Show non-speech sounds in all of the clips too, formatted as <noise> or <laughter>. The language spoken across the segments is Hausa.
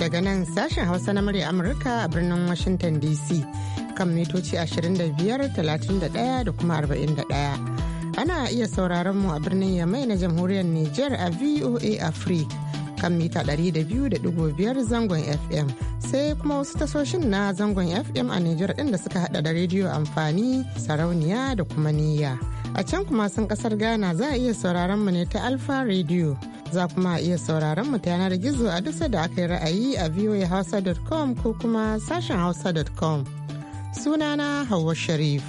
daga nan sashen hausa na murya amurka a birnin washington dc kan mitoci 25,31 da kuma 41 ana iya sauraron mu a birnin yamai na jamhuriyar niger a voa africa kan mita 200.5 zangon fm sai kuma wasu tasoshin na zangon fm a niger din da suka hada da rediyo amfani sarauniya da kuma niyya a can kuma sun kasar ghana za a iya sauraron mu ne ta alfa radio za kuma iya sauraron mu ta yanar gizo a duk da aka yi ra'ayi a voahausa.com ko kuma sashen hausa.com sunana hawa sharif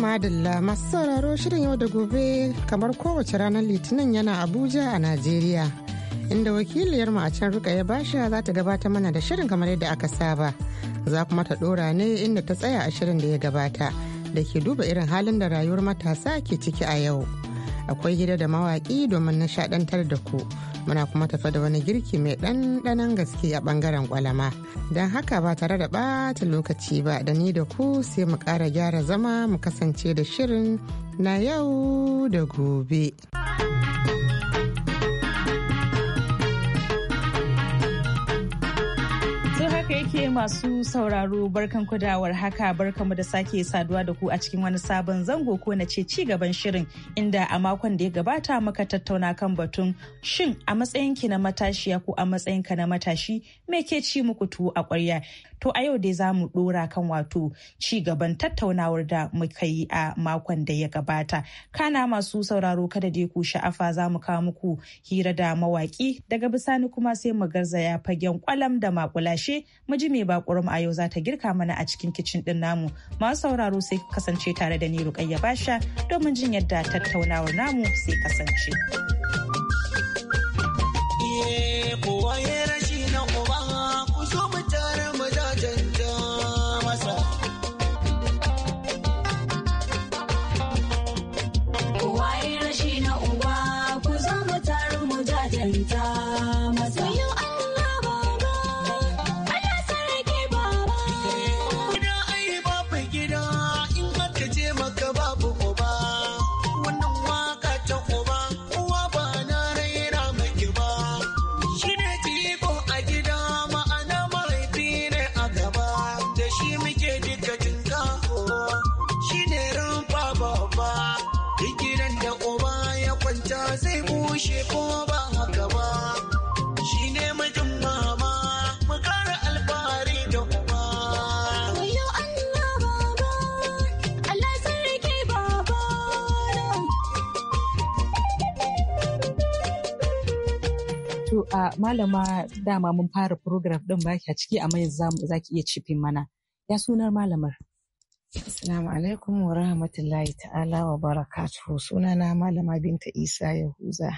madalla masu sauraro shirin yau da gobe kamar kowace ranar litinin yana abuja a najeriya inda wakiliyarmu a can ya basha za ta gabata mana da shirin kamar yadda aka saba za kuma ta dora ne inda ta tsaya a shirin da ya gabata da ke duba irin halin da rayuwar matasa ke ciki a yau akwai gida da mawaƙi domin nishaɗantar da ku muna kuma tafa da wani girki mai ɗanɗanon gaske a ɓangaren kwalama don haka ba tare da ɓata lokaci ba da ni da ku sai mu ƙara gyara zama mu kasance da shirin na yau da gobe. keke masu sauraro barkan kudawar haka barkanmu da sake saduwa da ku a cikin wani sabon zango ko na ce ci gaban shirin inda a makon da ya gabata maka tattauna kan batun shin a matsayinki na matashiya ko a matsayinka na matashi me ke ci muku tuwo a ƙwarya To a yau dai za mu ɗora kan wato ci gaban tattaunawar da muka yi a makon da ya gabata. Kana masu sauraro kada dai ku sha'afa za mu kawo muku hira da mawaƙi daga bisani kuma sai mu garzaya fagen kwalam da makulashe mu ji mai bakurum a yau za ta girka mana a cikin kicin ɗin namu. Masu sauraro sai kasance tare da ni Rukayya Basha domin jin yadda tattaunawar namu sai kasance. Yeah, malama dama mun fara program din baki a ciki amma yanzu za ki iya cifin mana. Ya sunar malamar. Assalamu alaikum wa rahmatullahi ta'ala wa Suna sunana malama binta Isa Yahuza.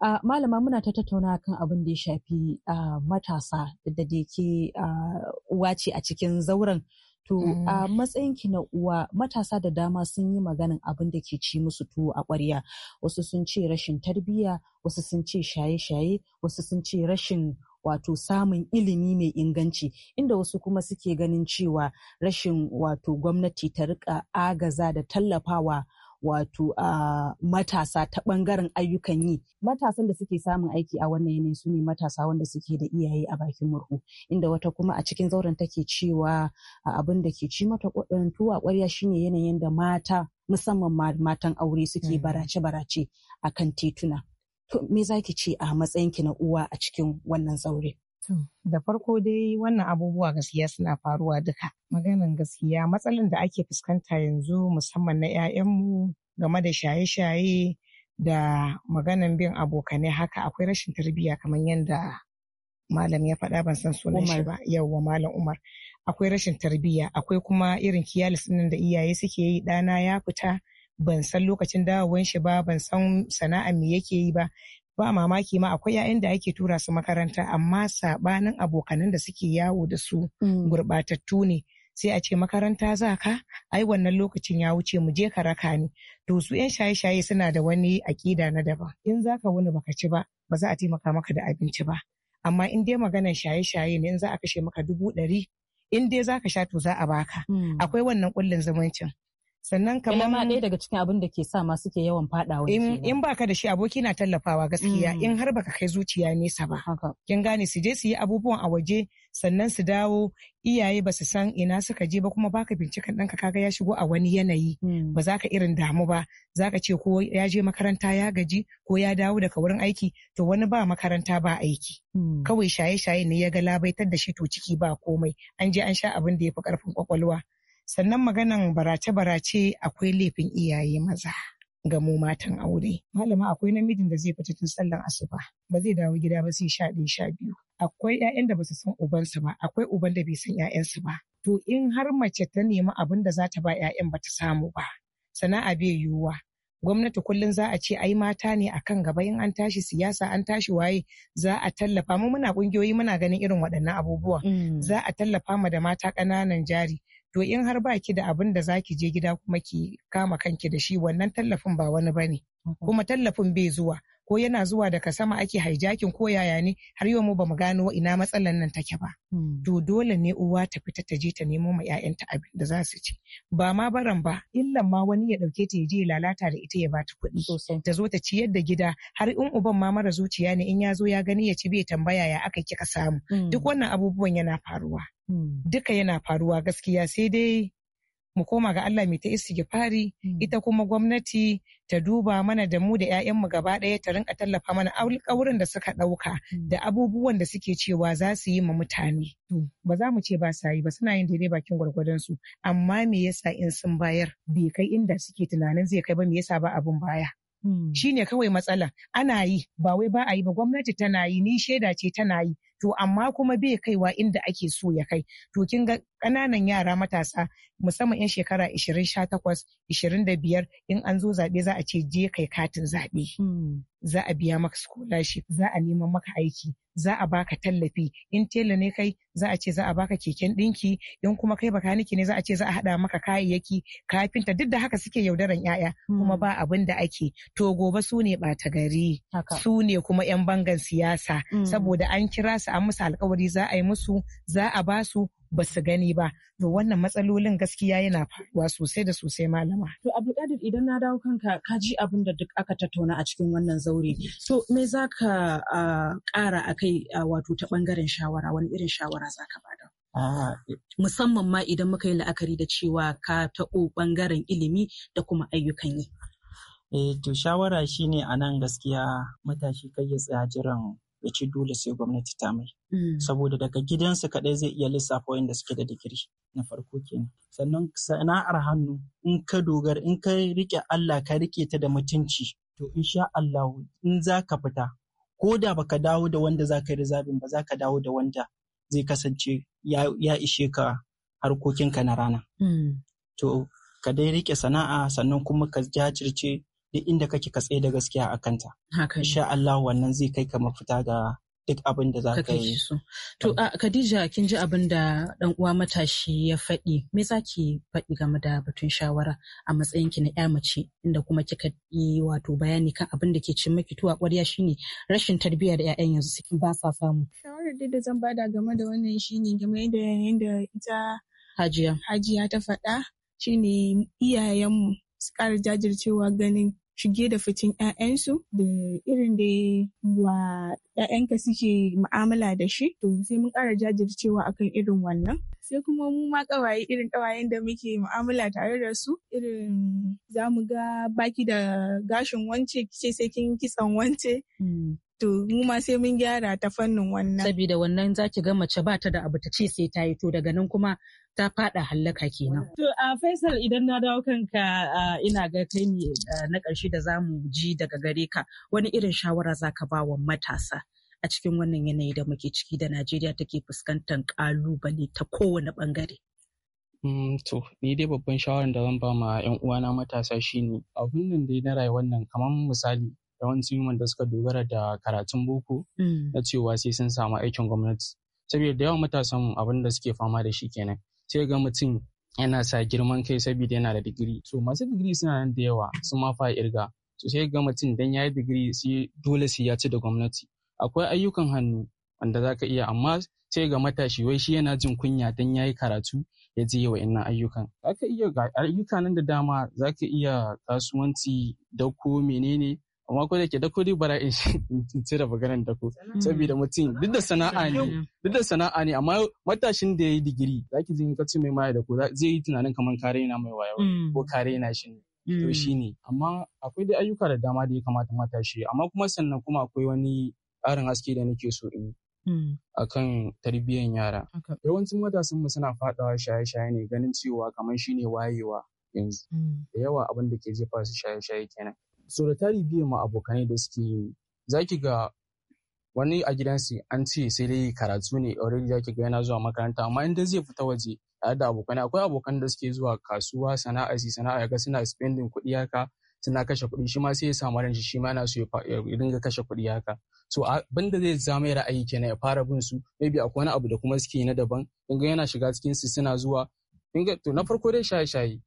Uh, malama muna ta tattauna kan abin da ya shafi uh, matasa da da ke uh, wace ce a cikin zauren To mm. a matsayinki na uwa matasa da dama sun yi maganin abin da ke ci musu tuwo a ƙwarya. Wasu sun ce rashin tarbiyya, wasu sun ce shaye-shaye, wasu sun ce rashin wato samun ilimi mai inganci inda wasu kuma suke ganin cewa rashin wato gwamnati ta rika agaza da tallafawa wato a matasa ta bangaren ayyukan yi matasan da suke samun aiki a wannan yanayi su ne matasa wanda suke da iyaye a bakin murhu inda wata kuma a cikin zauren take cewa abin da ke ci mata eh, tuwa kwarya shine yanayin da mata musamman matan aure suke mm. barace-barace a kan tituna to me zaki ce a matsayinki na uwa a cikin wannan zaure da farko dai wannan abubuwa gaskiya suna faruwa duka. Maganin gaskiya matsalan da ake fuskanta yanzu musamman na 'ya'yanmu game da shaye-shaye da maganin bin abokanai haka akwai rashin tarbiyya kamar yadda malam ya faɗa ban san sunan shi ba yawwa malam Umar. Akwai rashin tarbiyya akwai kuma irin kiyalis da iyaye suke yi ɗana ya fita ban san lokacin dawowan shi ba ban san sana'a me yake yi ba ba mamaki ma akwai 'ya'yan da ake tura su makaranta amma sabanin abokanan da suke yawo da su mm. gurbatattu ne sai a ce makaranta za ka ai wannan lokacin ya wuce mu je ka raka ni to su 'yan shaye-shaye suna da wani aƙida na daban in za ka wani baka ci ba ba za a taimaka maka da abinci ba amma in dai maganar shaye-shaye ne in za a kashe maka dubu ɗari in dai za ka sha to za a baka mm. akwai wannan kullin zumuncin sannan kamar ma ɗaya daga cikin abin da ke sa ma suke yawan faɗawa in in baka da shi aboki na tallafawa gaskiya mm. in har baka kai zuciya nesa ba kin gane su je su yi abubuwan a waje sannan su dawo iyaye ba su san ina suka je ba kuma baka binciken ɗanka kaga ya shigo a wani yanayi mm. ba za ka irin damu ba za ka ce ko ya je makaranta ya gaji ko ya dawo daga wurin aiki to wani ba makaranta ba aiki mm. kawai shaye-shaye ne ya ga labaitar da shi to ciki ba komai an je an sha abin da ya fi ƙarfin kwakwalwa sannan maganan barace-barace akwai laifin iyaye maza ga mu matan aure malama akwai namijin da zai fita tun sallan asuba ba zai dawo gida ba sai sha ɗaya sha biyu akwai 'ya'yan da basu san ubansu ba akwai uban da bai san 'ya'yansu ba to in har mace ta nemi abin da za ta ba 'ya'yan ta samu ba sana'a bai yiwuwa gwamnati kullum za a ce ai mata ne a kan gaba in an tashi siyasa an tashi waye za a tallafa mu muna kungiyoyi muna ganin irin waɗannan abubuwa mm. za a tallafa mu da mata ƙananan jari to in har ba ki da abin da zaki je gida kuma ki kama kanki da shi wannan tallafin ba wani bane mm-hmm. kuma tallafin bai zuwa ko yana zuwa daga sama ake haijakin ko yaya ne har yau mu bamu gano ina matsalar nan take ba hmm. to dole ne uwa ta fita ta je ta nemo ma ƴaƴanta abin da za su ci ba ma baran ba illan ma wani ya dauke ta ya je lalata da ita ya bata kuɗi ta zo ta ciyar da gida har in uban ma mara zuciya ne in ya zo ya gani ya ci bai tambaya ya aka kika samu hmm. duk wannan abubuwan yana faruwa hmm. duka yana faruwa gaskiya sai dai mu koma ga Allah mai ta fari. Hmm. ita kuma gwamnati ta duba mana da mu da 'ya'yanmu gaba ɗaya ta rinka tallafa mana alƙawuran da suka ɗauka hmm. da abubuwan da suke cewa za su yi ma mutane. Ba za mu ce ba sa yi ba suna yin daidai bakin gwargwadon su amma me yasa in sun bayar bai kai inda suke tunanin zai kai ba me yasa ba abun baya. Hmm. Shi ne kawai matsala ana yi ba wai ba a yi ba gwamnati tana yi ni shaida ce tana yi to amma kuma bai kaiwa inda ake so ya kai to kin ga ƙananan yara matasa musamman 'yan shekara ishirin da biyar, in an zo zaɓe za a ce je kai katin zaɓe. Hmm. Za a biya maka scholarship, za a neman maka aiki, za a baka tallafi, in tela ne kai za a ce za a baka keken ɗinki, in kuma kai bakaniki ne za a ce za a haɗa maka kayayyaki, kafinta duk da haka suke yaudaran 'ya'ya kuma hmm. ba abin da ake. To gobe su ne ɓata gari, su ne kuma 'yan bangan siyasa, hmm. saboda an kira su an musu alkawari za a yi musu, za a basu ba su gani ba to wannan matsalolin gaskiya yana faruwa sosai da sosai malama to abdulkadir idan na dawo kanka ka ji abin da duk aka tattauna a cikin wannan zaure so me za zaka ƙara akai wato ta bangaren shawara wani irin shawara za zaka bada musamman ma idan muka yi la'akari da cewa ka taɓo ɓangaren ilimi da kuma ayyukan yi. E, to shawara shine a nan gaskiya matashi kai ya tsaya jiran ya ci dole sai gwamnati ta mai. Mm. saboda daga gidansa kadai zai iya lissafa wanda suke da digiri na farko kenan sannan sana'ar hannu in ka dogara in ka rike Allah ka rike ta da mutunci to insha Allah in za ka fita ko da baka dawo da wanda za ka yi rizabin ba za ka dawo da wanda zai kasance ya, ishe ka harkokinka na rana mm. to ka dai rike sana'a sannan kuma ka jajirce duk inda kake ka tsaye da gaskiya a kanta insha Allah wannan zai kai ka mafita ga duk abin da za ka yi. To Khadija kin ji abin da dan uwa matashi ya faɗi me za ki faɗi game da batun shawara a matsayin ki na ƴa mace inda kuma kika yi wato bayani kan abin da ke cin miki tuwa ƙwarya shine rashin tarbiyya da ƴaƴan yanzu suke ba sa samu. Shawarar da da zan bada game da wannan shine game da yanda ita Hajiya. Hajiya ta faɗa shine iyayenmu su ƙara jajircewa ganin shige da fitin 'ya'yansu da irin da wa 'ya'yanka suke mu'amala da shi to sai mun ƙara jajircewa akan irin wannan sai kuma mu ma ƙawaye irin ƙawayen da muke mu'amala tare da su irin za mu ga baki da gashin wance kice sai kin kitson wance hmm. to mu ma sai mun gyara ta fannin wannan saboda wannan za ki ga mace ba ta da abu ta ce sai ta yi to daga nan kuma ta fada hallaka kenan to a Faisal idan na dawo kanka ina ga kai ne na ƙarshe da zamu ji daga gare ka wani irin shawara za ka ba wa matasa a cikin wannan yanayi da muke ciki da Najeriya take fuskantar kalubale ta kowane bangare mm, to ni dai babban shawarar da zan ba ma 'yan uwana matasa shine abin nan dai na rayuwar nan kamar misali yawancin da suka dogara da karatun boko mm. na cewa sai sun samu aikin gwamnati saboda yawa yawan matasan abin da suke fama da shi kenan sai ga mutum yana sa girman kai saboda yana da digiri so masu digiri suna nan da yawa sun ma fa irga so sai ga mutum dan yayi digiri sai dole sai ya ci da gwamnati akwai ayyukan hannu wanda zaka iya amma sai ga matashi wai shi yana jin kunya dan yayi karatu ya je wa innan ayyukan. Za ka iya ayyuka nan da dama za ka iya kasuwanci dauko menene amma ko da ke dako dai bara in cire maganar dako saboda mutum duk da sana'a ne duk da sana'a ne amma matashin da yayi digiri zaki jin ka ce mai maya dako zai yi tunanin kamar kare na mai wayo mm. ko kare na shi ne to mm. shi ne. amma akwai dai ayyuka da dama da ya kamata matashi amma kuma sannan kuma akwai wani ƙarin haske da nake so in mm. a kan tarbiyyar yara. Yawancin matasan mu suna faɗawa shaye-shaye ne ganin cewa kamar ne wayewa yanzu. Da yawa abin da ke jefa su shaye-shaye kenan. so da tari biyu ma abokanai da suke yi za ki ga wani a gidansu an ce sai dai karatu ne already za ki ga yana zuwa makaranta amma inda zai fita waje tare da abokanai akwai abokan da suke zuwa kasuwa sana'a si sana'a ga suna spending kuɗi haka suna kashe kuɗi shi ma sai ya samu ranci shi ma yana so ya dinga kashe kuɗi haka so abin da zai zama ra'ayi na ya fara bin su maybe akwai wani abu da kuma suke na daban in ga yana shiga cikin su suna zuwa to na farko dai shaye-shaye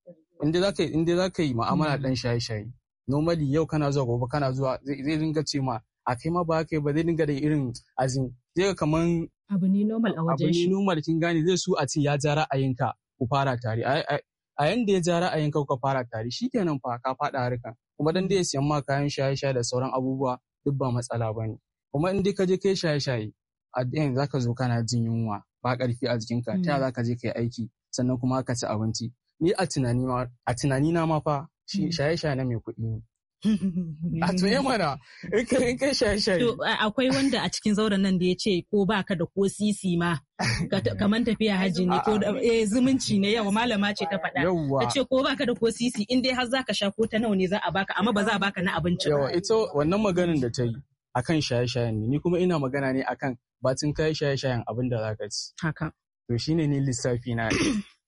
inda za ka yi mu'amala dan shaye-shaye normally yau kana zuwa gobe kana zuwa zai dinga ce ma a kai ma ba kai ba zai dinga da irin azin zai ga kamar abu ne normal a wajen shi abu ne normal kin gane zai su a ce ya ja ra'ayinka ku fara tare a yanda ya ja yanka ku fara tare nan fa ka faɗa harka kuma dan da ya siyan ma kayan shaye-shaye da sauran abubuwa duk ba matsala ba ne. kuma in dai ka je kai shaye-shaye a ɗayan zaka zo kana jin yunwa ba ƙarfi a jikinka ta hmm. za ka je ka aiki sannan kuma ka ci abinci ni a tunani na ma fa Hmm. shaye-shaye mai kuɗi ne. <laughs> A tuye eh, mana, in kai shaye-shaye. Akwai wanda a cikin zauren nan da ya ce ko baka da ko sisi ma, kamar tafiya hajji ne ko eh, zumunci ne yawa malama ce ta faɗa. Ta ce ko baka da ko sisi in dai har ka sha ko ta nawa ne za a baka amma ba za a baka na abinci. Yawa ita wannan maganin da ta yi akan shaye-shayen ne, ni kuma ina magana ne akan batun kai shaye-shayen abin da za ka ci. Haka. To shine ne lissafi na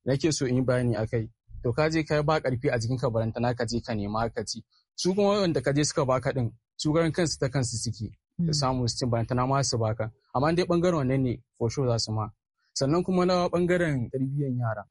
nake so in yi bayani akai. to ka je ka ba karfi a jikin jikinka barantana ka je ka nema ka ci su kuma wanda ka je suka baka din su garin kansu ta kansu suke da hmm. samu su cin barantana ma su baka amma dai bangaren wannan ne for sure za su ma sannan kuma na bangaren tarbiyyar yara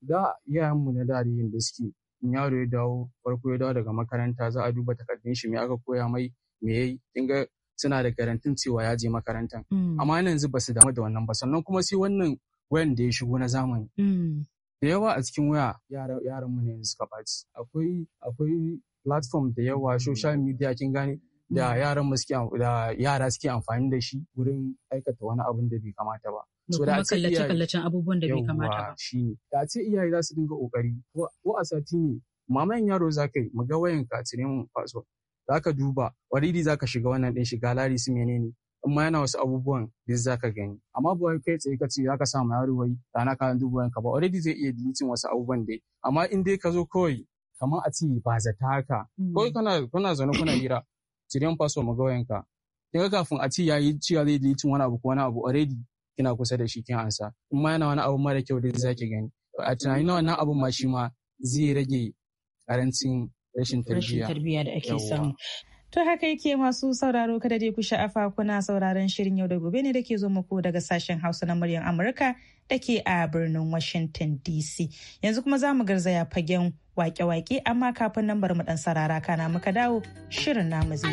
da mu na da da suke in yaro ya dawo farko ya dawo daga makaranta za a duba takardun shi me aka koya mai me yayi kin ga suna da garantin cewa ya je makarantan. Hmm. amma yanzu ba su damu da wannan ba sannan kuma sai wannan wayan da ya shigo na zamani hmm. da yawa a cikin waya yaran mu ne suka ɓaci akwai akwai platform da yawa social media kin gane da mm. yaran mu suke da yara suke amfani da shi wurin aikata wani abun da bai kamata ba so da ce kallace kallacen abubuwan da bai kamata ba shi da ce iyaye za su dinga kokari ko a sati ne mamayen yaro za ka yi mu ga wayan ka cire mun password za ka duba wariri za ka shiga wannan din shiga lari su menene in ma yana wasu abubuwan duk za ka gani amma ba wai kai tsaye ka ce za ka samu ma yaro wai rana ka dubu ka ba already zai iya deleting wasu abubuwan dai amma in dai ka zo kawai kamar a ce ba zata haka mm. kawai kana kana zaune kuna hira cirin faso mu ga wayanka kin kafin a ce yayi ciya zai deleting wani abu ko wani abu already kina kusa da shi kin ansa in ma yana wani abu mara kyau dai za ki gani a tunanin wannan abun ma shi ma zai rage karancin rashin tarbiyya da ake samu To haka yake masu sauraro kada dai ku sha'afa kuna sauraron shirin yau da gobe ne da ke zo muku daga sashen Hausa na muryar Amurka dake a birnin Washington DC. Yanzu kuma za mu garzaya fagen wake-wake amma kafin nan bar mu dan sarara kana muka dawo shirin namu zai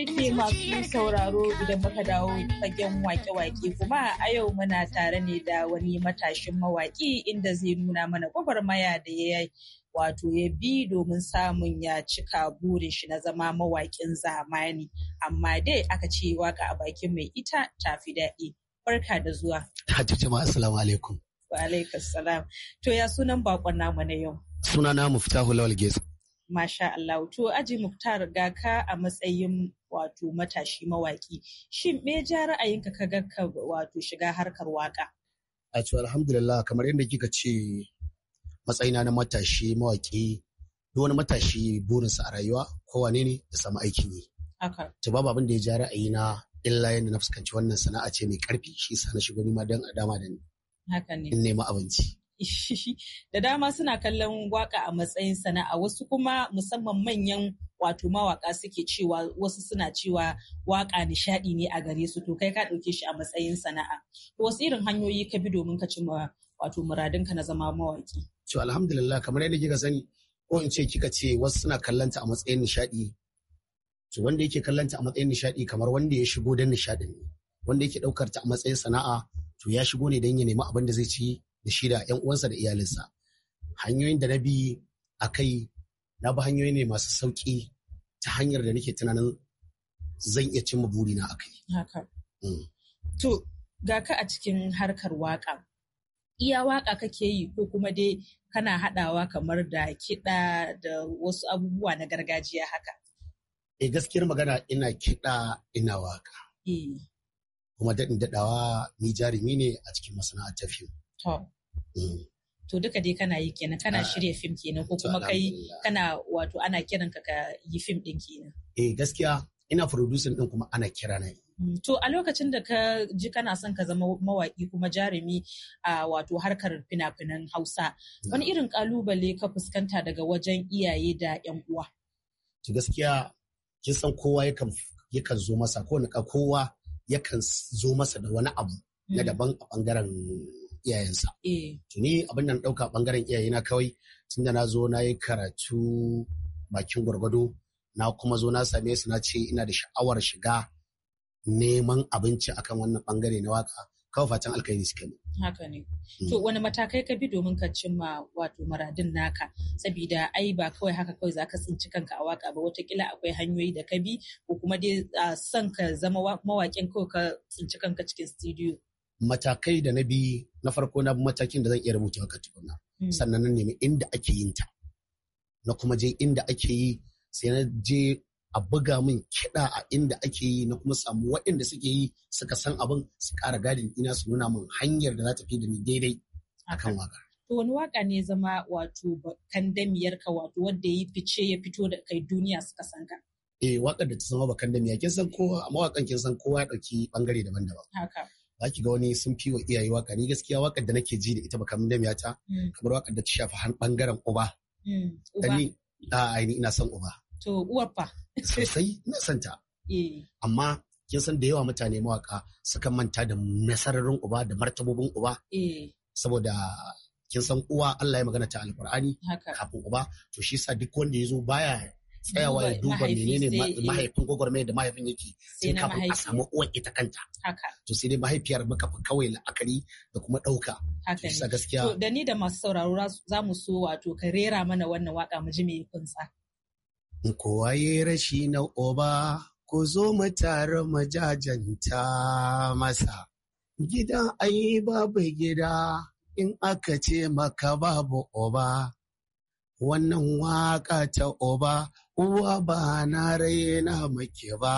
yake masu sauraro idan muka dawo fagen wake-wake kuma a yau muna tare ne da wani matashin mawaki inda zai nuna mana maya da ya yi wato ya bi domin samun ya cika burin shi na zama mawakin zamani amma dai aka ce waka a bakin mai ita ta fi daɗi barka da zuwa hajji jama'a assalamu alaikum wa alaikum salam to ya sunan bakon namu na yau sunana muftahu lawal Masha Allah. To aji Muktar ga ka a matsayin wato matashi mawaki shin me ja ra'ayinka ka ga ka wato shiga harkar waka a to alhamdulillah kamar yadda kika ce matsayina na matashi mawaki duk wani matashi burinsa a rayuwa wane ne ya samu aikin yi to babu abin da ya ja na illa yadda na fuskanci wannan sana'a ce mai karfi shi sa na shigo ni ma a dama da ni in nema abinci <laughs> da dama suna kallon waka a matsayin sana'a wasu kuma musamman manyan wato mawaka suke cewa wasu suna cewa waka nishadi ne a gare su to kai ka ɗauke shi a matsayin sana'a to wasu irin hanyoyi ka bi domin ka cimma wato ka na zama mawaki to alhamdulillah kamar yadda kika sani ko in ce kika ce wasu suna kallanta a matsayin nishadi to wanda yake kallanta a matsayin nishadi kamar wanda ya shigo don nishadin ne wanda yake ɗaukar ta a matsayin sana'a to ya shigo ne don ya nemi abin da zai ci da shi da 'yan uwansa da iyalinsa hanyoyin da na bi a kai na bi hanyoyi ne masu sauki ta hanyar da nake tunanin zan iya cimma burina a kai. Mm. To, ga ka a cikin harkar waƙa, iya waka kake yi ko kuma dai kana haɗawa kamar da kiɗa da wasu abubuwa na gargajiya haka? E gaskiyar magana ina kiɗa ina waƙa. Eh. Kuma daɗin daɗawa ni jarumi ne a cikin masana'antar fim. To. To duka dai kana yi kenan kana ah. shirya fim kenan ko kuma kai kana wato ana kiran ka ka yi fim din kenan. Eh gaskiya ina producing din kuma ana kira na mm, To a lokacin da ka ji kana son ka zama mawaƙi kuma jarumi a wato harkar fina-finan Hausa, wani mm. irin ƙalubale ka fuskanta daga wajen iyaye da 'yan uwa? To gaskiya kin san kowa yakan zo masa ko kowa yakan zo masa da wani abu na mm. daban a bangaren iyayensa. Eh. Ni abin nan ɗauka ɓangaren iyayena kawai tun da na zo na yi karatu bakin gwargwado na kuma zo na same su na ce ina da sha'awar shiga neman abinci akan wannan ɓangare na waka kawai fatan alkhairi suke ne. Haka ne. Mm. To wani matakai ka bi domin ka cimma wato maradin naka sabida ai ba kawai haka kawai za ka tsinci kanka a waka ba watakila akwai hanyoyi da ka bi ko kuma dai son ka zama mawakin kawai ka tsinci kanka cikin studio. matakai da na bi na farko na matakin da zan iya rubuta maka tukuna hmm. sannan na nemi inda ake yin ta na kuma je inda ake yi sai na je a buga min kiɗa a inda ake yi na kuma samu waɗanda suke yi suka san abin su ƙara gadin ina su nuna min hanyar da za ta fi da ni daidai a kan waka. To wani waka ne zama wato damiyar ka wato wanda ya fice ya fito da kai duniya suka san ka. Eh waka da ta zama bakan damiya kin san kowa a mawakan kin san kowa ya ɗauki ɓangare daban-daban. Haka. za ki ga wani sun fi wa iyaye waka ni gaskiya wakar da nake ji da ita bakamin da miyata hmm. kamar wakar da ta shafi har bangaren hmm. uba ni a aini ina son uba to uwar fa sosai ina son ta eh. amma kin san da yawa mutane mawaka suka manta da nasararin uba da martabobin uba eh. saboda kin san uwa Allah ya magana ta alkur'ani kafin uba to shi sa duk wanda ya zo baya tsayawa ya duba menene mahaifin gwagwarmaya da mahaifin yake sai ka a samu uwan ita kanta to sai dai mahaifiyar maka fi kawai la'akari da kuma ɗauka a gaskiya da ni da masu sauraro za mu so wato ka rera mana wannan waka mu ji mai kunsa Ko waye rashi na oba ko zo mu tare mu jajanta masa gidan ai babu gida in aka ce maka babu oba wannan waka ta oba uwa ba na raina make ba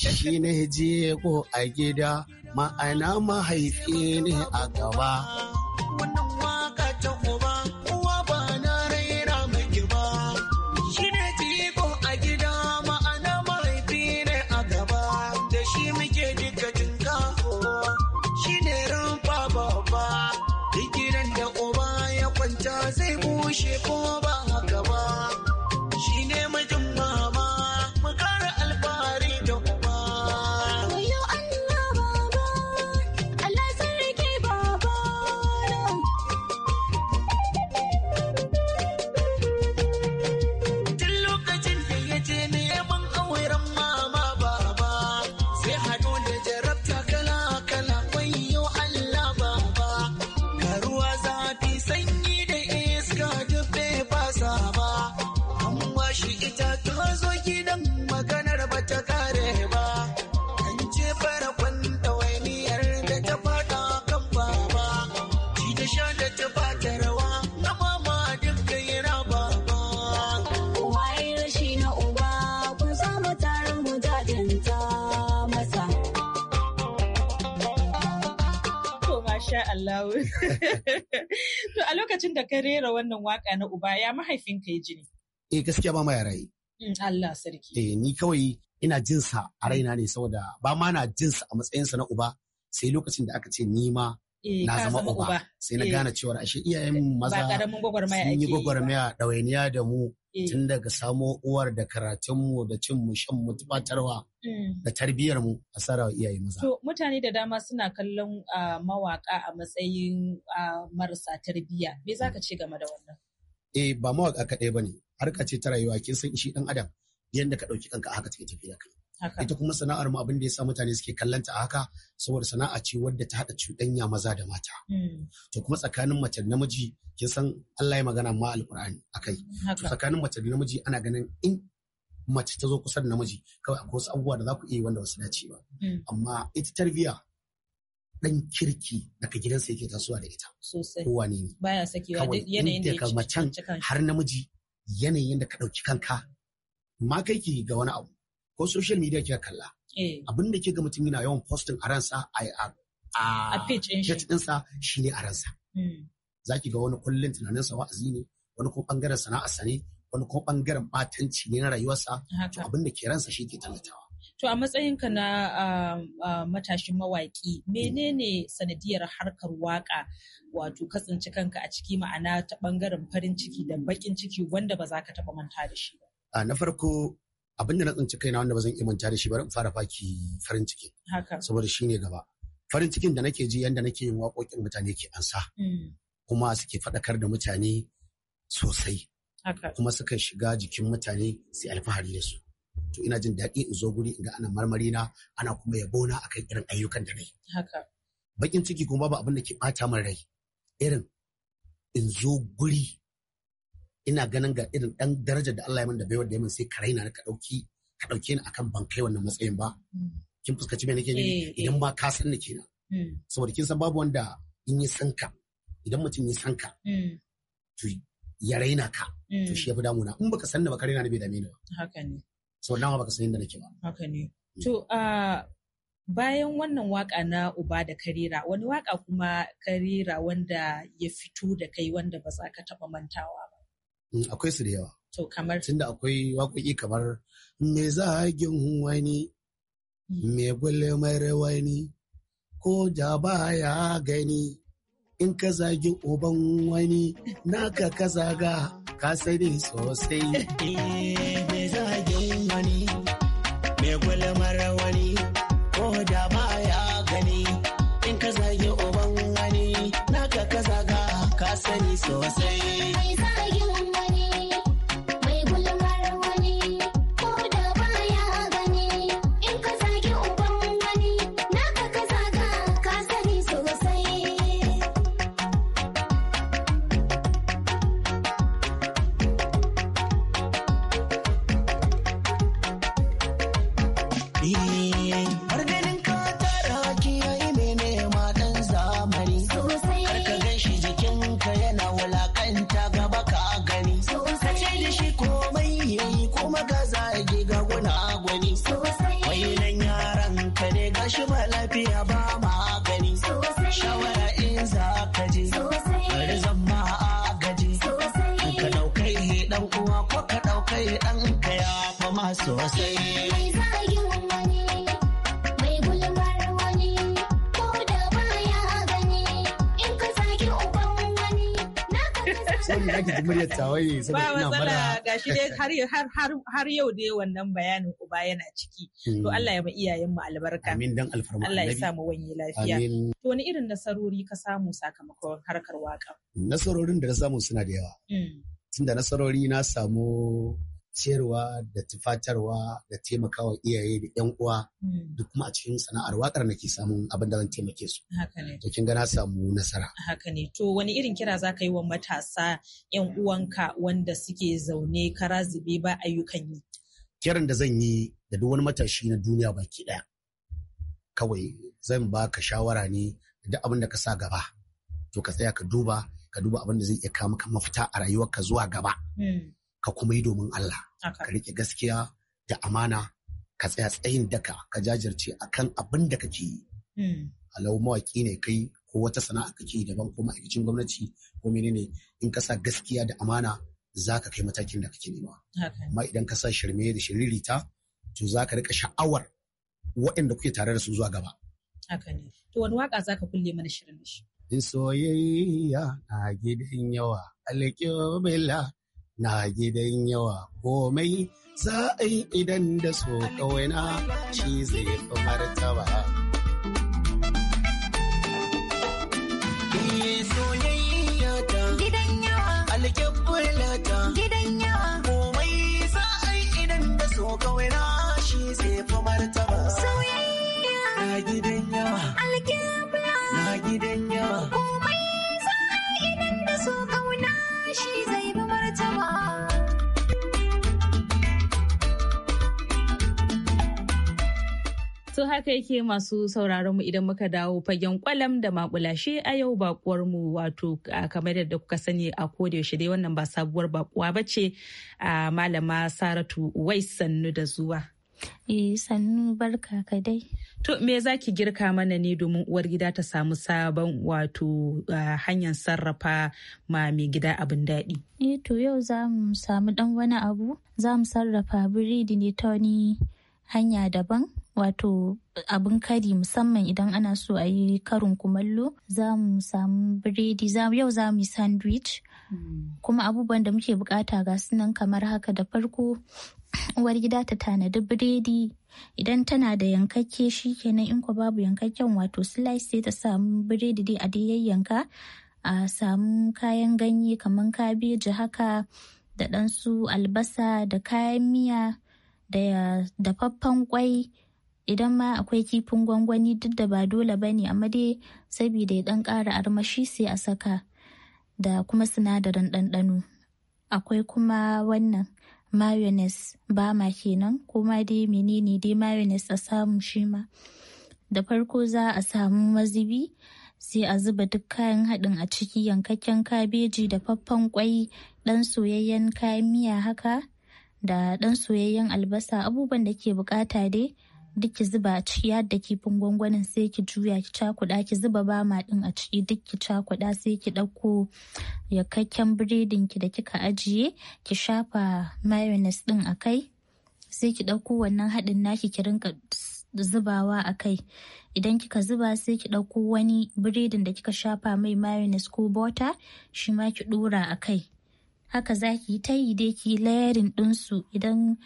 shi ne jego a gida ma'ana mahaifi ne a gaba. sha ta rawa Waye na uba kun samu ta masa. To a lokacin da ka rera wannan waka na uba ya mahaifinka ya ji ne. Eh gaskiya ba ma ya rai. Mm, Allah sarki. Eh ni kawai ina jinsa a raina ne saboda ba ma na jinsa a matsayinsa na uba sai lokacin da aka ce ni ma Eh, na zama uba sai na eh. gane cewa ashe iyayen maza sun yi gwagwarmaya ɗawainiya da mu eh. tun daga samo uwar da karatunmu da cin mu shan mu mm. da tarbiyyar mu a sarawa iyaye maza. To mutane da dama suna kallon mawaka a matsayin marasa tarbiyya me zaka ce game da wannan? Eh ba mawaka kaɗai bane harka ce ta rayuwa kin san shi ɗan adam yadda ka ɗauki kanka a haka take tafiya kai. ita kuma sana'ar mu abin da sa mutane suke kallanta a haka saboda sana'a ce wadda ta haɗa cuɗanya maza da mata hmm. to kuma tsakanin mace da namiji kin san Allah ya magana ma alqur'ani akai to tsakanin mace da namiji ana ganin in mace ta zo kusa da namiji kawai akwai wasu abubuwa da za ku iya wanda wasu dace ba hmm. amma ita tarbiyya dan kirki daga gidansa yake tasuwa da ita kowa ne baya sakewa yanayin da ka macen har namiji yanayin da ka ɗauki kanka ma kai ki ga wani abu ko social media kika kalla eh. abin da ke ga mutum yana yawan posting a ransa a page ɗinsa shi ne a ransa hmm. za ki ga wani kullum tunanin sa wa'azi ne wani ko bangaren sana'a ne wani ko bangaren batanci ne na rayuwarsa to abin da ke ransa shi ke tallatawa To a ka na matashin mawaki menene sanadiyar harkar waƙa wato kasance kanka a ciki ma'ana ta bangaren farin ciki da baƙin ciki wanda ba za ka taba manta da shi ba. Na farko abin da na tsinci kaina wanda ba zan iya manta da shi bari in fara faki farin ciki saboda shi ne gaba farin cikin da nake ji yanda nake yin waƙoƙin mutane ke ansa mm. kuma suke faɗakar da mutane sosai kuma suka shiga jikin mutane sai alfahari da su to ina jin daɗi in zo guri in ga ana marmari na ana kuma yabo na akan irin ayyukan da nayi bakin ciki kuma ba abin da ke ɓata min rai irin in zo guri ina ganin ga irin dan darajar da Allah ya min da baiwar da ya min sai karaina na ka dauki ka dauke ni akan ban kai wannan matsayin ba mm. kin fuskaci me nake ni eh, idan eh. ma ka san ni kenan mm. saboda kin san babu wanda in yi san ka idan mutum ya san ka mm. to ya raina ka to shi ya fi damuna in baka san ni ba ka raina ni bai dame ni ba haka ne so nawa baka san inda nake ba haka ne to a bayan wannan waka na uba da karira wani waka kuma karira wanda ya fito da kai wanda ba za ka taba mantawa Mm, akwai su da yawa to kamar tunda akwai waƙoƙi kamar me zagin wani me gwale mai wani ko da ba ya gani in ka zagi uban wani naka ka zaga ka sani sosai me zagin wani me gwale mara wani ko da ba ya gani in ka zagi uban wani naka ka zaga ka sani sosai sosai. Ba da ake dai har yau dai wannan bayanin uba yana ciki to hmm. Allah ya ma iyayen mu albarka amin dan alfarma Allah ya samu wani lafiya to wani irin nasarori ka samu sakamakon harkar waka nasarorin da na samu suna da yawa hmm. tunda nasarori na samu ciyarwa da tufatarwa da taimakawa iyaye da yan uwa hmm. duk kuma a cikin sana'ar wakar nake samun abin da zan taimake su to kin ga na samu nasara haka ne to wani irin kira za ka yi wa matasa yan uwanka wanda suke zaune kara zube ba ayyukan yi kiran da zan yi da duk wani matashi na duniya baki daya kawai zan baka shawara ne da abin da ka sa gaba to ka tsaya ka duba ka duba abin da zai iya kawo maka mafita a rayuwarka zuwa gaba hmm. ka kuma yi domin Allah ka rike gaskiya da amana ka tsaya tsayin daka ka jajirce a kan abin da kake yi hmm. alau mawaki ne kai ko wata sana'a kake daban ko ma'aikacin gwamnati ko menene in ka sa gaskiya da amana za ka kai matakin da kake nema amma idan ka sa shirme da shiririta to za ka rika sha'awar waɗanda kuke tare da su zuwa gaba haka to wani waƙa za ka kulle mana shirin da shi in soyayya a gidan yawa alƙibla na gidan yawa komai za a yi idan da so kawai na shi zai fi martaba. gidan yawa alƙibla gidan yawa komai za a yi idan da so na shi zai fi martaba. Soyayya na gidan yawa na gidan yawa komai za a yi idan da so kawai shi zai To haka yake masu sauraron mu idan muka dawo fagen kwalam da makulashe a yau bakuwar mu wato kamar yadda kuka sani a koda yaushe dai wannan ba sabuwar bakuwa bace a malama Saratu wai sannu da zuwa. Eh sannu barka ka dai. To me za ki girka mana ne domin uwar gida ta samu sabon wato hanyar sarrafa ma mai gida abin daɗi? e to yau za mu samu ɗan wani abu za mu sarrafa biredi ne ta wani hanya daban wato abin kari musamman idan ana so a yi karin kumallo za mu samu biredi yau za mu yi sandwich kuma abubuwan da muke bukata ga sunan kamar haka da farko uwar gida ta tanadi biredi idan tana da yankakke shi kenan in ko babu yankakken wato slice sai ta samu biredi dai a da yayyanka a samu kayan ganye kamar kabeji haka da ɗansu albasa da kayan miya da dafaffen kwai idan ma akwai kifin gwangwani duk da ba dole ba ne amma dai saboda ya ɗan ƙara armashi sai a saka da kuma sinadarin ɗanɗano akwai kuma wannan mayonnaise bama kenan kuma dai menene dai mayonnaise a samu shi ma da farko za a samu mazubi sai a zuba duk kayan haɗin a ciki yankakken kabeji da faffan kwai ɗan soyayyen kayan miya haka da ɗan soyayyen albasa abubuwan da ke bukata dai duk ki zuba a ciki yadda kifin gwangwanin sai ki juya ki cakuɗa ki zuba ba ma ɗin a ciki duk ki cakuɗa sai ki ɗauko yakakken biredin ki da kika ajiye ki shafa mayonis ɗin a kai sai ki ɗauko wannan haɗin naki ki rinka zubawa a kai idan kika zuba sai ki ɗauko wani biredin da kika shafa mai mayonnaise ko bota shi ma ki ɗora a kai haka za ki yi ta yi dai ki layarin ɗinsu idan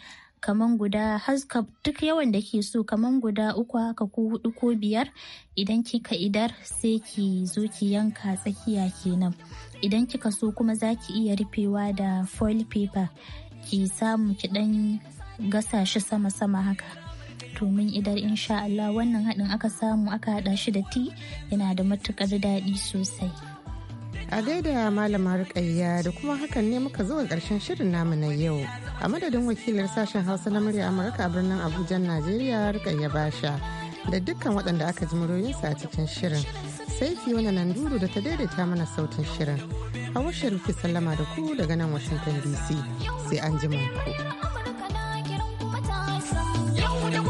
kaman guda haska duk yawan da ke so kamar guda uku haka ko hudu ko biyar idan kika idar sai ki zo ki yanka tsakiya kenan idan kika so kuma za ki iya rufewa da foil paper ki samu ki dan gasa shi sama-sama haka domin idar insha Allah wannan hadin aka samu aka hada shi da ti yana da matukar daɗi sosai. a gaida malam rukayya da kuma hakan ne muka zo karshen shirin namu na yau a madadin wakilar sashen hausa na murya amurka a birnin abuja najeriya rukayya basha da dukkan waɗanda aka ji muryoyinsa a cikin shirin sai fiona nan duru da ta daidaita mana sautin shirin hawa sharifi sallama da ku daga nan washington dc sai an ji ku.